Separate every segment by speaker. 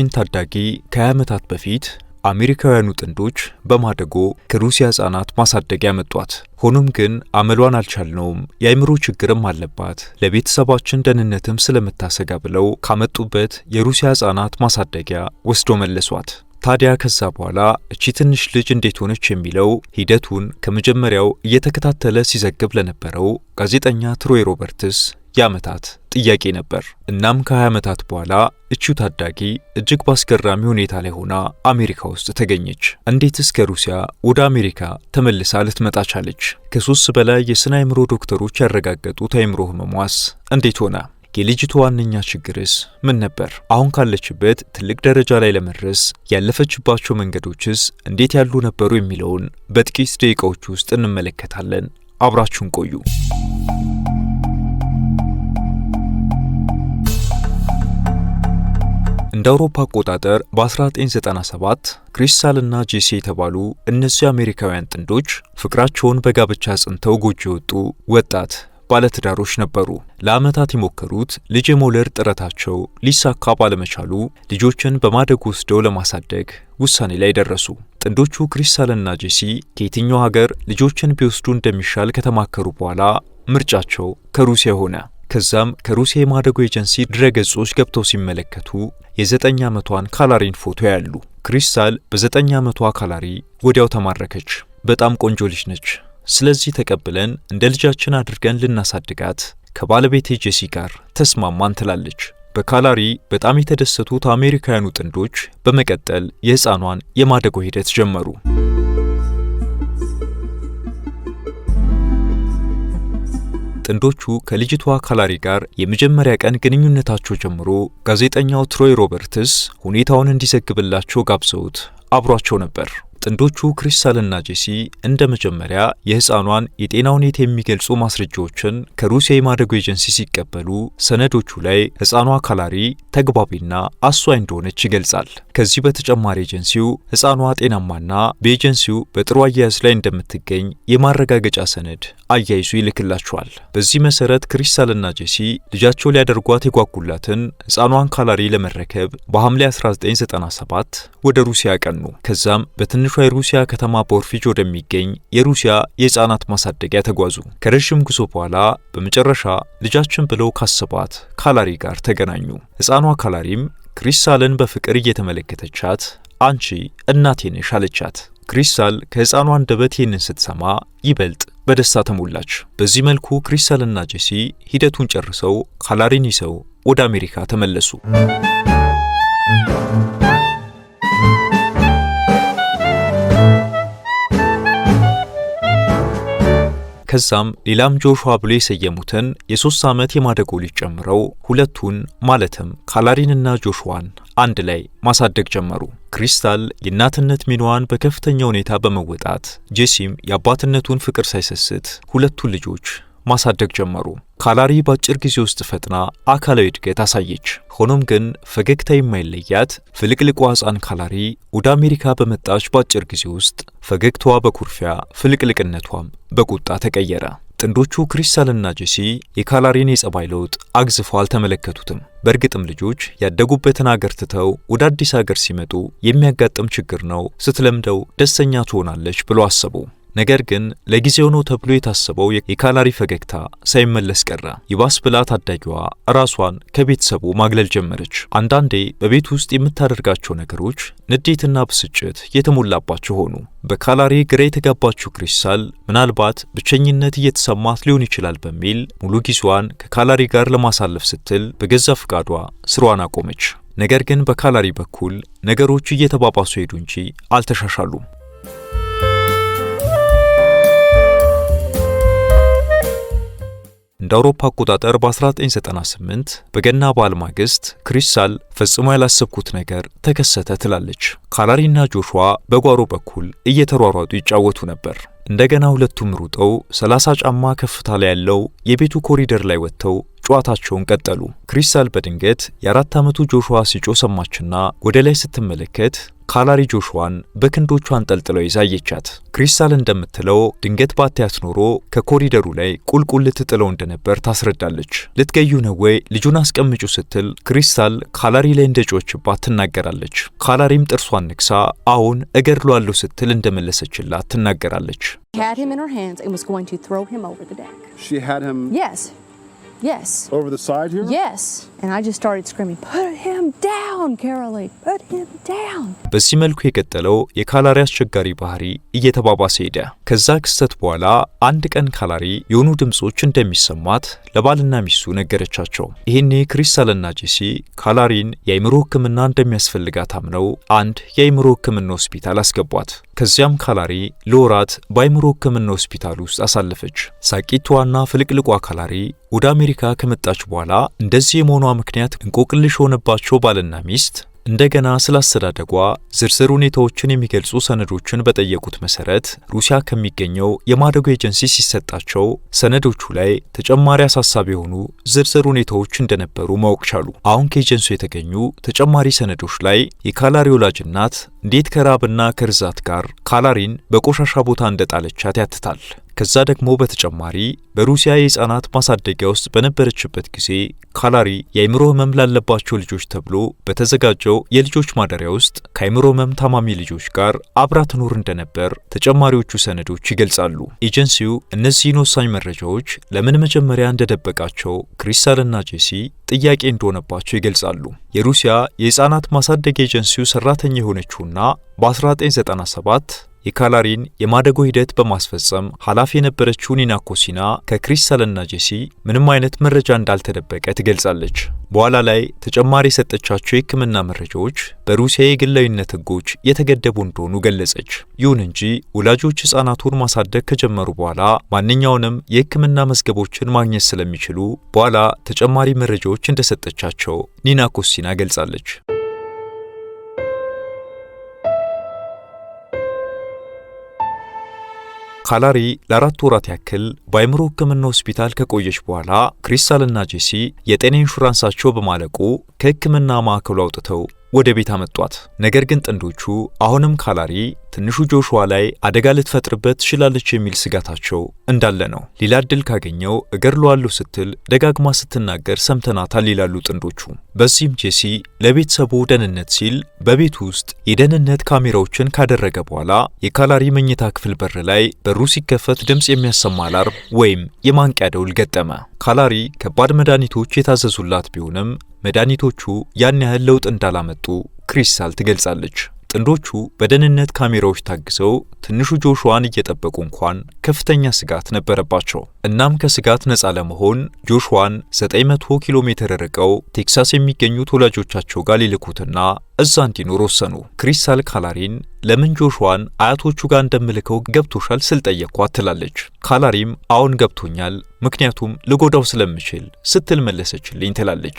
Speaker 1: ያችን ታዳጊ ከ በፊት አሜሪካውያኑ ጥንዶች በማደጎ ከሩሲያ ህጻናት ማሳደጊያ መጧት። ሆኖም ግን አመሏን አልቻልነውም፣ የአይምሮ ችግርም አለባት፣ ለቤተሰባችን ደህንነትም ስለምታሰጋ ብለው ካመጡበት የሩሲያ ህጻናት ማሳደጊያ ወስዶ መለሷት። ታዲያ ከዛ በኋላ እቺ ትንሽ ልጅ እንዴት ሆነች የሚለው ሂደቱን ከመጀመሪያው እየተከታተለ ሲዘግብ ለነበረው ጋዜጠኛ ትሮይ ሮበርትስ የዓመታት ጥያቄ ነበር። እናም ከ20 ዓመታት በኋላ እቺው ታዳጊ እጅግ በአስገራሚ ሁኔታ ላይ ሆና አሜሪካ ውስጥ ተገኘች። እንዴትስ ከሩሲያ ወደ አሜሪካ ተመልሳ ልትመጣ ቻለች? ከሶስት በላይ የስነ አእምሮ ዶክተሮች ያረጋገጡት አእምሮ ህመሟስ እንዴት ሆነ? የልጅቱ ዋነኛ ችግርስ ምን ነበር? አሁን ካለችበት ትልቅ ደረጃ ላይ ለመድረስ ያለፈችባቸው መንገዶችስ እንዴት ያሉ ነበሩ የሚለውን በጥቂት ደቂቃዎች ውስጥ እንመለከታለን። አብራችሁን ቆዩ። እንደ አውሮፓ አቆጣጠር በ1997 ክሪስታልና እና ጄሲ የተባሉ እነዚህ አሜሪካውያን ጥንዶች ፍቅራቸውን በጋብቻ ጽንተው ጎጆ የወጡ ወጣት ባለትዳሮች ነበሩ። ለዓመታት የሞከሩት ልጅ የመውለድ ጥረታቸው ሊሳካ ባለመቻሉ ልጆችን በማደግ ወስደው ለማሳደግ ውሳኔ ላይ ደረሱ። ጥንዶቹ ክሪስታልና ጄሲ ከየትኛው ሀገር ልጆችን ቢወስዱ እንደሚሻል ከተማከሩ በኋላ ምርጫቸው ከሩሲያ ሆነ። ከዛም ከሩሲያ የማደጎ ኤጀንሲ ድረገጾች ገብተው ሲመለከቱ የዘጠኝ ዓመቷን ካላሪን ፎቶ ያሉ። ክሪስታል በዘጠኝ ዓመቷ ካላሪ ወዲያው ተማረከች። በጣም ቆንጆ ልጅ ነች። ስለዚህ ተቀብለን እንደ ልጃችን አድርገን ልናሳድጋት ከባለቤቴ ጄሲ ጋር ተስማማን ትላለች። በካላሪ በጣም የተደሰቱት አሜሪካውያኑ ጥንዶች በመቀጠል የሕፃኗን የማደጎ ሂደት ጀመሩ። ጥንዶቹ ከልጅቷ ካላሪ ጋር የመጀመሪያ ቀን ግንኙነታቸው ጀምሮ ጋዜጠኛው ትሮይ ሮበርትስ ሁኔታውን እንዲዘግብላቸው ጋብዘውት አብሯቸው ነበር። ጥንዶቹ ክሪስታልና ጄሲ እንደ መጀመሪያ የሕፃኗን የጤና ሁኔታ የሚገልጹ ማስረጃዎችን ከሩሲያ የማደጎ ኤጀንሲ ሲቀበሉ ሰነዶቹ ላይ ሕፃኗ ካላሪ ተግባቢና አሷ እንደሆነች ይገልጻል። ከዚህ በተጨማሪ ኤጀንሲው ሕፃኗ ጤናማና በኤጀንሲው በጥሩ አያያዝ ላይ እንደምትገኝ የማረጋገጫ ሰነድ አያይዙ ይልክላቸዋል። በዚህ መሰረት ክሪስታልና ጄሲ ልጃቸው ሊያደርጓት የጓጉላትን ሕፃኗን ካላሪ ለመረከብ በሐምሌ 1997 ወደ ሩሲያ ያቀኑ። ከዛም በትን በትንሿ የሩሲያ ከተማ ፖርፊች ወደሚገኝ የሩሲያ የህፃናት ማሳደጊያ ተጓዙ። ከረዥም ጉዞ በኋላ በመጨረሻ ልጃችን ብለው ካሰባት ካላሪ ጋር ተገናኙ። ህፃኗ ካላሪም ክሪስታልን በፍቅር እየተመለከተቻት አንቺ እናቴ ነሽ አለቻት። ክሪስታል ከህፃኗ አንደበት ይህንን ስትሰማ ይበልጥ በደስታ ተሞላች። በዚህ መልኩ ክሪስታልና ጄሲ ሂደቱን ጨርሰው ካላሪን ይዘው ወደ አሜሪካ ተመለሱ። ከዛም ሌላም ጆሹዋ ብሎ የሰየሙትን የሶስት ዓመት የማደጎ ልጅ ጨምረው ሁለቱን ማለትም ካላሪንና ጆሹዋን አንድ ላይ ማሳደግ ጀመሩ። ክሪስታል የእናትነት ሚናዋን በከፍተኛ ሁኔታ በመወጣት ጄሲም የአባትነቱን ፍቅር ሳይሰስት ሁለቱን ልጆች ማሳደግ ጀመሩ። ካላሪ በአጭር ጊዜ ውስጥ ፈጥና አካላዊ እድገት አሳየች። ሆኖም ግን ፈገግታ የማይለያት ፍልቅልቋ ሕፃን ካላሪ ወደ አሜሪካ በመጣች በአጭር ጊዜ ውስጥ ፈገግታዋ በኩርፊያ ፍልቅልቅነቷም በቁጣ ተቀየረ። ጥንዶቹ ክሪስታልና ጄሲ የካላሪን የጸባይ ለውጥ አግዝፎ አልተመለከቱትም። በእርግጥም ልጆች ያደጉበትን አገር ትተው ወደ አዲስ አገር ሲመጡ የሚያጋጥም ችግር ነው፣ ስትለምደው ደስተኛ ትሆናለች ብሎ አሰቡ። ነገር ግን ለጊዜው ነው ተብሎ የታሰበው የካላሪ ፈገግታ ሳይመለስ ቀረ። ይባስ ብላ ታዳጊዋ ራሷን ከቤተሰቡ ማግለል ጀመረች። አንዳንዴ በቤት ውስጥ የምታደርጋቸው ነገሮች ንዴትና ብስጭት የተሞላባቸው ሆኑ። በካላሪ ግራ የተጋባችው ክሪስታል ምናልባት ብቸኝነት እየተሰማት ሊሆን ይችላል በሚል ሙሉ ጊዜዋን ከካላሪ ጋር ለማሳለፍ ስትል በገዛ ፈቃዷ ስሯን አቆመች። ነገር ግን በካላሪ በኩል ነገሮች እየተባባሱ ሄዱ እንጂ አልተሻሻሉም። እንደ አውሮፓ አቆጣጠር በ1998 በገና በዓል ማግስት ክሪስታል ፈጽሞ ያላሰብኩት ነገር ተከሰተ ትላለች። ካላሪና ጆሹዋ በጓሮ በኩል እየተሯሯጡ ይጫወቱ ነበር። እንደገና ሁለቱም ሩጠው 30 ጫማ ከፍታ ላይ ያለው የቤቱ ኮሪደር ላይ ወጥተው ጨዋታቸውን ቀጠሉ። ክሪስታል በድንገት የአራት ዓመቱ ጆሹዋ ሲጮ ሰማችና ወደ ላይ ስትመለከት ካላሪ ጆሹዋን በክንዶቿ አንጠልጥለው ይዛ አየቻት። ክሪስታል እንደምትለው ድንገት ባታያት ኖሮ ከኮሪደሩ ላይ ቁልቁል ልትጥለው እንደነበር ታስረዳለች። ልትገዩ ነው ወይ ልጁን አስቀምጩ ስትል ክሪስታል ካላሪ ላይ እንደጮችባት ትናገራለች። ካላሪም ጥርሷን ንክሳ አሁን እገድሏለሁ ስትል እንደመለሰችላት ትናገራለች።
Speaker 2: Yes.
Speaker 3: Over the side here?
Speaker 2: Yes.
Speaker 1: በዚህ መልኩ የቀጠለው የካላሪ አስቸጋሪ ባህሪ እየተባባሰ ሄደ። ከዛ ክስተት በኋላ አንድ ቀን ካላሪ የሆኑ ድምፆች እንደሚሰማት ለባልና ሚስቱ ነገረቻቸው። ይህኔ ክሪስታልና ጄሲ ካላሪን የአይምሮ ሕክምና እንደሚያስፈልጋት አምነው አንድ የአይምሮ ሕክምና ሆስፒታል አስገቧት። ከዚያም ካላሪ ለወራት በአይምሮ ሕክምና ሆስፒታል ውስጥ አሳለፈች። ሳቂቷና ፍልቅልቋ ካላሪ ወደ አሜሪካ ከመጣች በኋላ እንደዚህ የመሆኗ ምክንያት እንቆቅልሽ የሆነባቸው ባልና ሚስት እንደገና ስለ አስተዳደጓ ዝርዝር ሁኔታዎችን የሚገልጹ ሰነዶችን በጠየቁት መሰረት ሩሲያ ከሚገኘው የማደጎ ኤጀንሲ ሲሰጣቸው ሰነዶቹ ላይ ተጨማሪ አሳሳቢ የሆኑ ዝርዝር ሁኔታዎች እንደነበሩ ማወቅ ቻሉ። አሁን ከኤጀንሲው የተገኙ ተጨማሪ ሰነዶች ላይ የካላሪ ወላጅ እናት እንዴት ከራብና ከርዛት ጋር ካላሪን በቆሻሻ ቦታ እንደጣለቻት ያትታል። ከዛ ደግሞ በተጨማሪ በሩሲያ የህፃናት ማሳደጊያ ውስጥ በነበረችበት ጊዜ ካላሪ የአይምሮ ህመም ላለባቸው ልጆች ተብሎ በተዘጋጀው የልጆች ማደሪያ ውስጥ ከአይምሮ ህመም ታማሚ ልጆች ጋር አብራ ትኖር እንደነበር ተጨማሪዎቹ ሰነዶች ይገልጻሉ። ኤጀንሲው እነዚህን ወሳኝ መረጃዎች ለምን መጀመሪያ እንደደበቃቸው ክሪስታልና ጄሲ ጥያቄ እንደሆነባቸው ይገልጻሉ። የሩሲያ የህፃናት ማሳደግ ኤጀንሲው ሰራተኛ የሆነችውና በ1997 የካላሪን የማደጎ ሂደት በማስፈጸም ኃላፊ የነበረችው ኒና ኮሲና ከክሪስታልና ጄሲ ምንም አይነት መረጃ እንዳልተደበቀ ትገልጻለች። በኋላ ላይ ተጨማሪ የሰጠቻቸው የሕክምና መረጃዎች በሩሲያ የግላዊነት ሕጎች የተገደቡ እንደሆኑ ገለጸች። ይሁን እንጂ ወላጆች ሕፃናቱን ማሳደግ ከጀመሩ በኋላ ማንኛውንም የሕክምና መዝገቦችን ማግኘት ስለሚችሉ በኋላ ተጨማሪ መረጃዎች እንደሰጠቻቸው ኒና ኮሲና ገልጻለች። ካላሪ ለአራት ወራት ያክል በአይምሮ ሕክምና ሆስፒታል ከቆየች በኋላ ክሪስታልና ጄሲ የጤና ኢንሹራንሳቸው በማለቁ ከሕክምና ማዕከሉ አውጥተው ወደ ቤት አመጧት። ነገር ግን ጥንዶቹ አሁንም ካላሪ ትንሹ ጆሹዋ ላይ አደጋ ልትፈጥርበት ትችላለች የሚል ስጋታቸው እንዳለ ነው። ሌላ እድል ካገኘው እገድለዋለሁ ስትል ደጋግማ ስትናገር ሰምተናታል ይላሉ ጥንዶቹ። በዚህም ጄሲ ለቤተሰቡ ደህንነት ሲል በቤት ውስጥ የደህንነት ካሜራዎችን ካደረገ በኋላ የካላሪ መኝታ ክፍል በር ላይ በሩ ሲከፈት ድምፅ የሚያሰማ አላርም ወይም የማንቂያ ደውል ገጠመ። ካላሪ ከባድ መድኃኒቶች የታዘዙላት ቢሆንም መድኃኒቶቹ ያን ያህል ለውጥ እንዳላመጡ ክሪስታል ትገልጻለች። ጥንዶቹ በደህንነት ካሜራዎች ታግዘው ትንሹ ጆሹዋን እየጠበቁ እንኳን ከፍተኛ ስጋት ነበረባቸው። እናም ከስጋት ነፃ ለመሆን ጆሹዋን 900 ኪሎ ሜትር ርቀው ቴክሳስ የሚገኙት ወላጆቻቸው ጋር ሊልኩትና እዛ እንዲኖር ወሰኑ። ክሪስታል ካላሪን ለምን ጆሹዋን አያቶቹ ጋር እንደምልከው ገብቶሻል ስል ጠየቅኳት ትላለች። ካላሪም አሁን ገብቶኛል፣ ምክንያቱም ልጎዳው ስለምችል ስትል መለሰችልኝ ትላለች።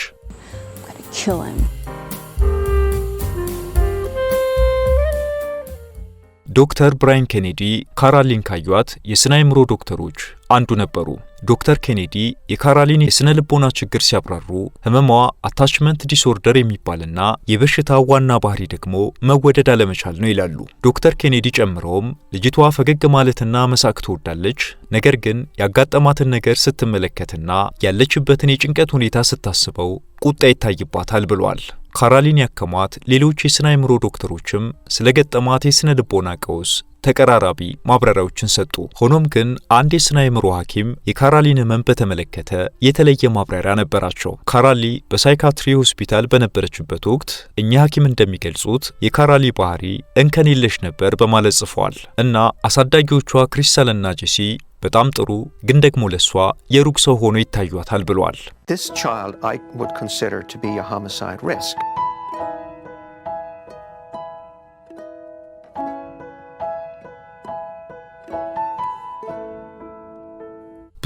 Speaker 1: ዶክተር ብራይን ኬኔዲ ካራሊን ካዩዋት የስነ አእምሮ ዶክተሮች አንዱ ነበሩ። ዶክተር ኬኔዲ የካራሊን የስነ ልቦና ችግር ሲያብራሩ ህመሟ አታችመንት ዲስኦርደር የሚባልና የበሽታ ዋና ባህሪ ደግሞ መወደድ አለመቻል ነው ይላሉ። ዶክተር ኬኔዲ ጨምረውም ልጅቷ ፈገግ ማለትና መሳቅ ትወዳለች። ነገር ግን ያጋጠማትን ነገር ስትመለከትና ያለችበትን የጭንቀት ሁኔታ ስታስበው ቁጣ ይታይባታል ብሏል። ካራሊን ያከሟት ሌሎች የስነ አእምሮ ዶክተሮችም ስለ ገጠማት የስነ ልቦና ቀውስ ተቀራራቢ ማብራሪያዎችን ሰጡ። ሆኖም ግን አንድ የስነ አእምሮ ሐኪም የካራሊን ህመም በተመለከተ የተለየ ማብራሪያ ነበራቸው። ካራሊ በሳይካትሪ ሆስፒታል በነበረችበት ወቅት እኛ ሐኪም እንደሚገልጹት የካራሊ ባህሪ እንከን የለሽ ነበር በማለት ጽፏል እና አሳዳጊዎቿ ክሪስታልና ጄሲ በጣም ጥሩ ግን ደግሞ ለሷ የሩቅ ሰው ሆኖ ይታዩታል ብሏል።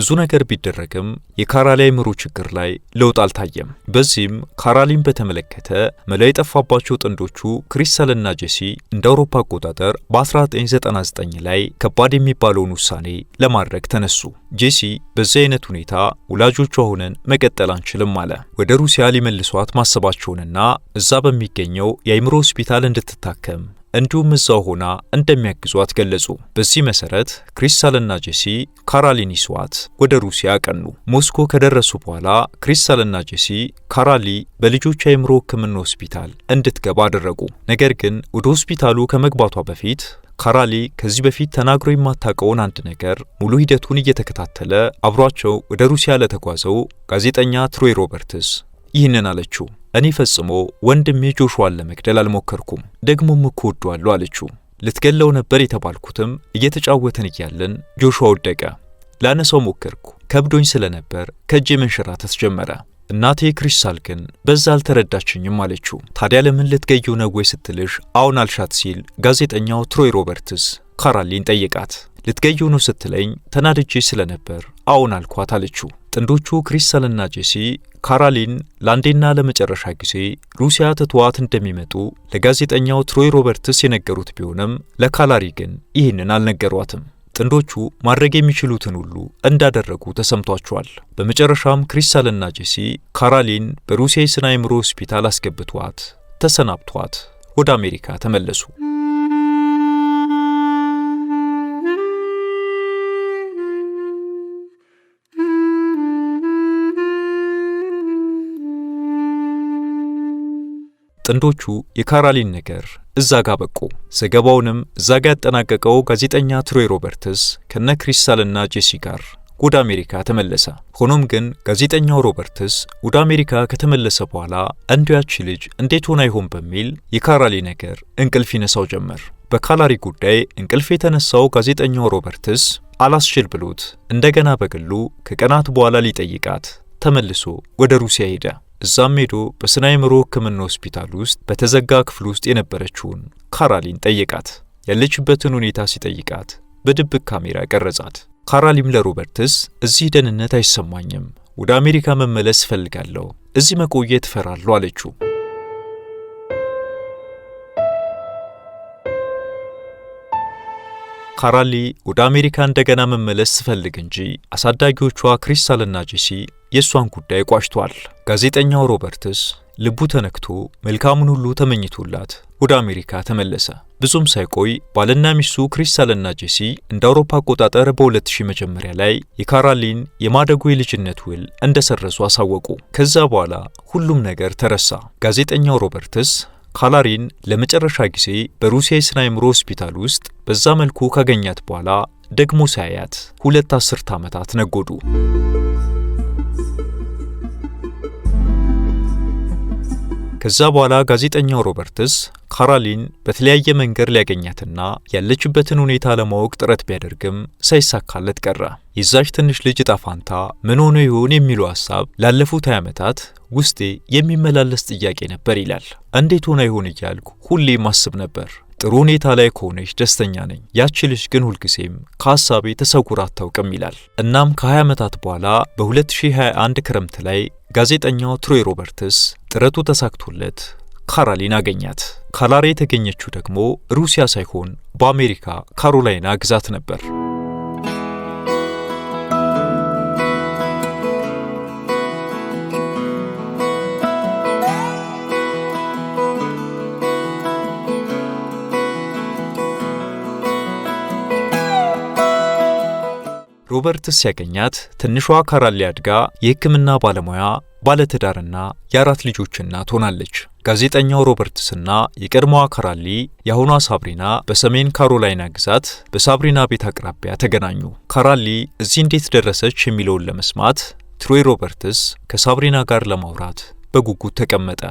Speaker 1: ብዙ ነገር ቢደረግም የካራሊይምሩ ችግር ላይ ለውጥ አልታየም። በዚህም ካራሊን በተመለከተ መላ የጠፋባቸው ጥንዶቹ ክሪስታልና ጄሲ እንደ አውሮፓ አቆጣጠር በ1999 ላይ ከባድ የሚባለውን ውሳኔ ለማድረግ ተነሱ። ጄሲ በዚህ አይነት ሁኔታ ወላጆቿ ሆነን መቀጠል አንችልም አለ። ወደ ሩሲያ ሊመልሷት ማሰባቸውንና እዛ በሚገኘው የአእምሮ ሆስፒታል እንድትታከም እንዲሁም እዛው ሆና እንደሚያግዟት ገለጹ። በዚህ መሰረት ክሪስታልና ጄሲ ካራሊን ይስዋት ወደ ሩሲያ አቀኑ። ሞስኮ ከደረሱ በኋላ ክሪስታልና ጄሲ ካራሊ በልጆቿ የአእምሮ ሕክምና ሆስፒታል እንድትገባ አደረጉ። ነገር ግን ወደ ሆስፒታሉ ከመግባቷ በፊት ካራሊ ከዚህ በፊት ተናግሮ የማታውቀውን አንድ ነገር ሙሉ ሂደቱን እየተከታተለ አብሯቸው ወደ ሩሲያ ለተጓዘው ጋዜጠኛ ትሮይ ሮበርትስ ይህንን አለችው። እኔ ፈጽሞ ወንድሜ ጆሹዋን ለመግደል አልሞከርኩም፣ ደግሞም እኮ ወደዋለሁ አለችው። ልትገለው ነበር የተባልኩትም እየተጫወተን እያለን ጆሹዋ ወደቀ። ላነሳው ሞከርኩ፣ ከብዶኝ ስለነበር ከእጄ መንሸራተት ጀመረ። እናቴ ክሪስታል ግን በዛ አልተረዳችኝም አለችው። ታዲያ ለምን ልትገየው ነው ወይ ስትልሽ አሁን አልሻት ሲል ጋዜጠኛው ትሮይ ሮበርትስ ካራሊን ጠይቃት ልትገየው ነው ስትለኝ ተናድጄ ስለነበር አሁን አልኳት አለችው። ጥንዶቹ ክሪስተልና ጄሲ ካራሊን ለአንዴና ለመጨረሻ ጊዜ ሩሲያ ትተዋት እንደሚመጡ ለጋዜጠኛው ትሮይ ሮበርትስ የነገሩት ቢሆንም ለካላሪ ግን ይህንን አልነገሯትም። ጥንዶቹ ማድረግ የሚችሉትን ሁሉ እንዳደረጉ ተሰምቷቸዋል። በመጨረሻም ክሪስታልና ጄሲ ካራሊን በሩሲያ የስነ አእምሮ ሆስፒታል አስገብቷት ተሰናብቷት ወደ አሜሪካ ተመለሱ። ጥንዶቹ የካራሊን ነገር እዛ ጋ በቁ። ዘገባውንም እዛ ጋ ያጠናቀቀው ጋዜጠኛ ትሮይ ሮበርትስ ከነ ክሪስታልና ጄሲ ጋር ወደ አሜሪካ ተመለሰ። ሆኖም ግን ጋዜጠኛው ሮበርትስ ወደ አሜሪካ ከተመለሰ በኋላ አንዱ ያቺ ልጅ እንዴት ሆና ይሆን በሚል የካራሊ ነገር እንቅልፍ ይነሳው ጀመር። በካላሪ ጉዳይ እንቅልፍ የተነሳው ጋዜጠኛው ሮበርትስ አላስችል ብሎት እንደገና በግሉ ከቀናት በኋላ ሊጠይቃት ተመልሶ ወደ ሩሲያ ሄደ። እዛም ሄዶ በስነ አእምሮ ሕክምና ሆስፒታል ውስጥ በተዘጋ ክፍል ውስጥ የነበረችውን ካራሊን ጠየቃት። ያለችበትን ሁኔታ ሲጠይቃት በድብቅ ካሜራ ቀረጻት። ካራሊም ለሮበርትስ እዚህ ደህንነት አይሰማኝም፣ ወደ አሜሪካ መመለስ እፈልጋለሁ፣ እዚህ መቆየት እፈራለሁ አለችው። ካራሊ ወደ አሜሪካ እንደገና መመለስ ትፈልግ እንጂ አሳዳጊዎቿ ክሪስታልና ጄሲ የእሷን ጉዳይ ቋጭቷል። ጋዜጠኛው ሮበርትስ ልቡ ተነክቶ መልካሙን ሁሉ ተመኝቶላት ወደ አሜሪካ ተመለሰ። ብዙም ሳይቆይ ባልና ሚስቱ ክሪስታልና ጄሲ እንደ አውሮፓ አቆጣጠር በ2000 መጀመሪያ ላይ የካራሊን የማደጎ የልጅነት ውል እንደሰረዙ አሳወቁ። ከዛ በኋላ ሁሉም ነገር ተረሳ። ጋዜጠኛው ሮበርትስ ካላሪን ለመጨረሻ ጊዜ በሩሲያ የስነ አእምሮ ሆስፒታል ውስጥ በዛ መልኩ ካገኛት በኋላ ደግሞ ሳያያት ሁለት አስርት ዓመታት ነጎዱ። ከዛ በኋላ ጋዜጠኛው ሮበርትስ ካራሊን በተለያየ መንገድ ሊያገኛትና ያለችበትን ሁኔታ ለማወቅ ጥረት ቢያደርግም ሳይሳካለት ቀረ። የዛች ትንሽ ልጅ ጣፋንታ ፋንታ ምን ሆኖ ይሆን የሚለው ሀሳብ ላለፉት 20 ዓመታት ውስጤ የሚመላለስ ጥያቄ ነበር ይላል። እንዴት ሆና ይሆን እያልኩ ሁሌም አስብ ነበር። ጥሩ ሁኔታ ላይ ከሆነች ደስተኛ ነኝ፣ ያቺ ልጅ ግን ሁልጊዜም ከሀሳቤ ተሰውራ አታውቅም ይላል። እናም ከ20 ዓመታት በኋላ በ2021 ክረምት ላይ ጋዜጠኛው ትሮይ ሮበርትስ ጥረቱ ተሳክቶለት ካራሊን አገኛት። ካላሬ የተገኘችው ደግሞ ሩሲያ ሳይሆን በአሜሪካ ካሮላይና ግዛት ነበር። ሮበርትስ ያገኛት ትንሿ ካራሊ አድጋ የሕክምና ባለሙያ ባለትዳርና የአራት ልጆች እናት ሆናለች። ጋዜጠኛው ሮበርትስና የቀድሞዋ ካራሊ የአሁኗ ሳብሪና በሰሜን ካሮላይና ግዛት በሳብሪና ቤት አቅራቢያ ተገናኙ። ካራሊ እዚህ እንዴት ደረሰች የሚለውን ለመስማት ትሮይ ሮበርትስ ከሳብሪና ጋር ለማውራት በጉጉት ተቀመጠ።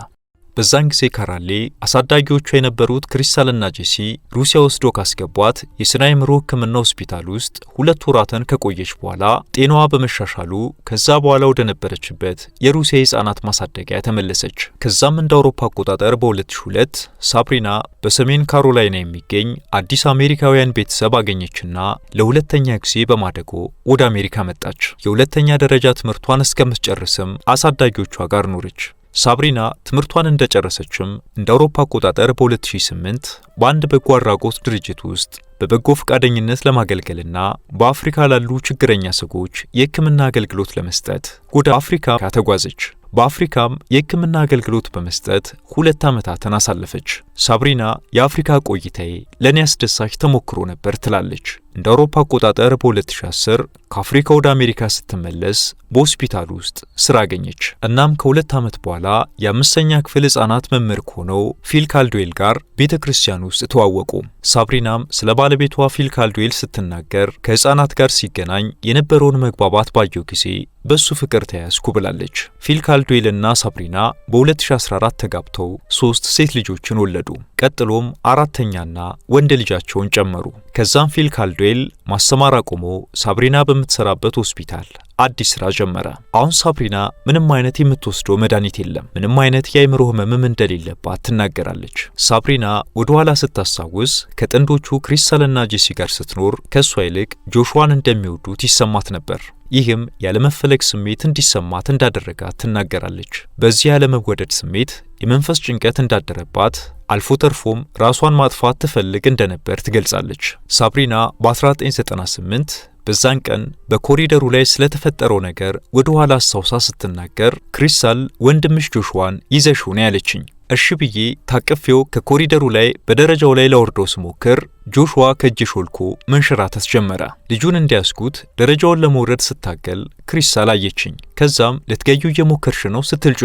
Speaker 1: በዛን ጊዜ ካራሌ አሳዳጊዎቿ የነበሩት ክሪስታልና ጄሲ ሩሲያ ወስዶ ካስገቧት የስነ አእምሮ ሕክምና ሆስፒታል ውስጥ ሁለት ወራትን ከቆየች በኋላ ጤናዋ በመሻሻሉ ከዛ በኋላ ወደ ነበረችበት የሩሲያ የህፃናት ማሳደጊያ ተመለሰች። ከዛም እንደ አውሮፓ አቆጣጠር በ2002 ሳብሪና በሰሜን ካሮላይና የሚገኝ አዲስ አሜሪካውያን ቤተሰብ አገኘችና ለሁለተኛ ጊዜ በማደጎ ወደ አሜሪካ መጣች። የሁለተኛ ደረጃ ትምህርቷን እስከምትጨርስም አሳዳጊዎቿ ጋር ኖረች። ሳብሪና ትምህርቷን እንደጨረሰችም እንደ አውሮፓ አቆጣጠር በ2008 በአንድ በጎ አድራጎት ድርጅት ውስጥ በበጎ ፈቃደኝነት ለማገልገልና በአፍሪካ ላሉ ችግረኛ ሰዎች የሕክምና አገልግሎት ለመስጠት ወደ አፍሪካ ተጓዘች። በአፍሪካም የሕክምና አገልግሎት በመስጠት ሁለት ዓመታትን አሳለፈች። ሳብሪና የአፍሪካ ቆይታዬ ለእኔ አስደሳች ተሞክሮ ነበር ትላለች። እንደ አውሮፓ አቆጣጠር በ2010 ከአፍሪካ ወደ አሜሪካ ስትመለስ በሆስፒታል ውስጥ ስራ አገኘች። እናም ከሁለት ዓመት በኋላ የአምስተኛ ክፍል ህፃናት መምህር ከሆነው ፊል ካልድዌል ጋር ቤተ ክርስቲያን ውስጥ ተዋወቁ። ሳብሪናም ስለ ባለቤቷ ፊል ካልድዌል ስትናገር ከህፃናት ጋር ሲገናኝ የነበረውን መግባባት ባየው ጊዜ በእሱ ፍቅር ተያያዝኩ ብላለች። ፊል ካልድዌል እና ሳብሪና በ2014 ተጋብተው ሶስት ሴት ልጆችን ወለዱ። ቀጥሎም አራተኛና ወንድ ልጃቸውን ጨመሩ። ከዛም ፊል ካልድዌል ሞዴል ማሰማር አቁሞ ሳብሪና በምትሰራበት ሆስፒታል አዲስ ስራ ጀመረ። አሁን ሳብሪና ምንም አይነት የምትወስደው መድኃኒት የለም፣ ምንም አይነት የአይምሮ ህመምም እንደሌለባት ትናገራለች። ሳብሪና ወደ ኋላ ስታስታውስ ከጥንዶቹ ክሪስታልና ጄሲ ጋር ስትኖር ከእሷ ይልቅ ጆሹዋን እንደሚወዱት ይሰማት ነበር። ይህም ያለመፈለግ ስሜት እንዲሰማት እንዳደረጋት ትናገራለች። በዚህ ያለመወደድ ስሜት የመንፈስ ጭንቀት እንዳደረባት አልፎ ተርፎም ራሷን ማጥፋት ትፈልግ እንደነበር ትገልጻለች። ሳብሪና በ1998 በዛን ቀን በኮሪደሩ ላይ ስለተፈጠረው ነገር ወደ ኋላ አስታውሳ ስትናገር ክሪስታል ወንድምሽ ጆሹዋን ይዘሽው ነው ያለችኝ። እሺ ብዬ ታቅፌው ከኮሪደሩ ላይ በደረጃው ላይ ለወርዶ ስሞክር ጆሹዋ ከእጅ ሾልኮ መንሸራተት ጀመረ። ልጁን እንዲያስጉት ደረጃውን ለመውረድ ስታገል ክሪስታል አየችኝ። ከዛም ልትገዩ እየሞከርሽ ነው ስትል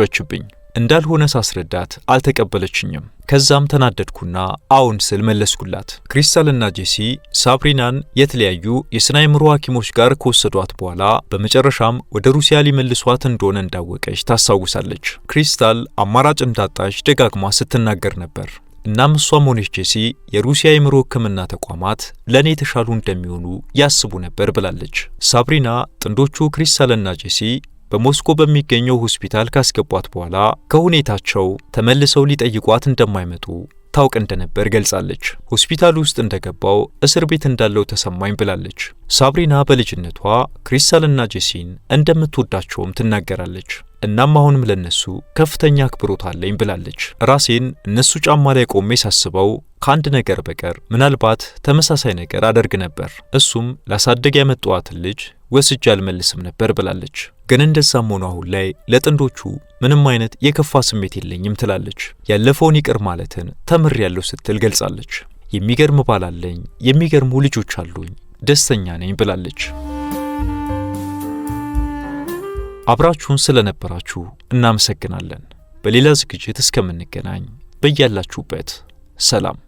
Speaker 1: እንዳልሆነ ሳስረዳት አልተቀበለችኝም። ከዛም ተናደድኩና አዎን ስል መለስኩላት። ክሪስታልና ጄሲ ሳብሪናን የተለያዩ የስነ አእምሮ ሐኪሞች ጋር ከወሰዷት በኋላ በመጨረሻም ወደ ሩሲያ ሊመልሷት እንደሆነ እንዳወቀች ታስታውሳለች። ክሪስታል አማራጭ እንዳጣች ደጋግማ ስትናገር ነበር። እናም እሷም ሆነች ጄሲ የሩሲያ የአእምሮ ሕክምና ተቋማት ለእኔ የተሻሉ እንደሚሆኑ ያስቡ ነበር ብላለች። ሳብሪና ጥንዶቹ ክሪስታልና ጄሲ በሞስኮ በሚገኘው ሆስፒታል ካስገቧት በኋላ ከሁኔታቸው ተመልሰው ሊጠይቋት እንደማይመጡ ታውቅ እንደነበር ገልጻለች። ሆስፒታል ውስጥ እንደገባው እስር ቤት እንዳለው ተሰማኝ ብላለች። ሳብሪና በልጅነቷ ክሪስታልና ጄሲን እንደምትወዳቸውም ትናገራለች። እናም አሁንም ለነሱ ከፍተኛ አክብሮት አለኝ ብላለች። ራሴን እነሱ ጫማ ላይ ቆሜ ሳስበው ከአንድ ነገር በቀር ምናልባት ተመሳሳይ ነገር አደርግ ነበር፣ እሱም ላሳደግ ያመጣዋትን ልጅ ወስጄ አልመልስም ነበር ብላለች። ግን እንደዛም ሆኖ አሁን ላይ ለጥንዶቹ ምንም አይነት የከፋ ስሜት የለኝም ትላለች። ያለፈውን ይቅር ማለትን ተምር ያለው ስትል ገልጻለች። የሚገርም ባላለኝ የሚገርሙ ልጆች አሉኝ፣ ደስተኛ ነኝ ብላለች። አብራችሁን ስለነበራችሁ እናመሰግናለን። በሌላ ዝግጅት እስከምንገናኝ በያላችሁበት ሰላም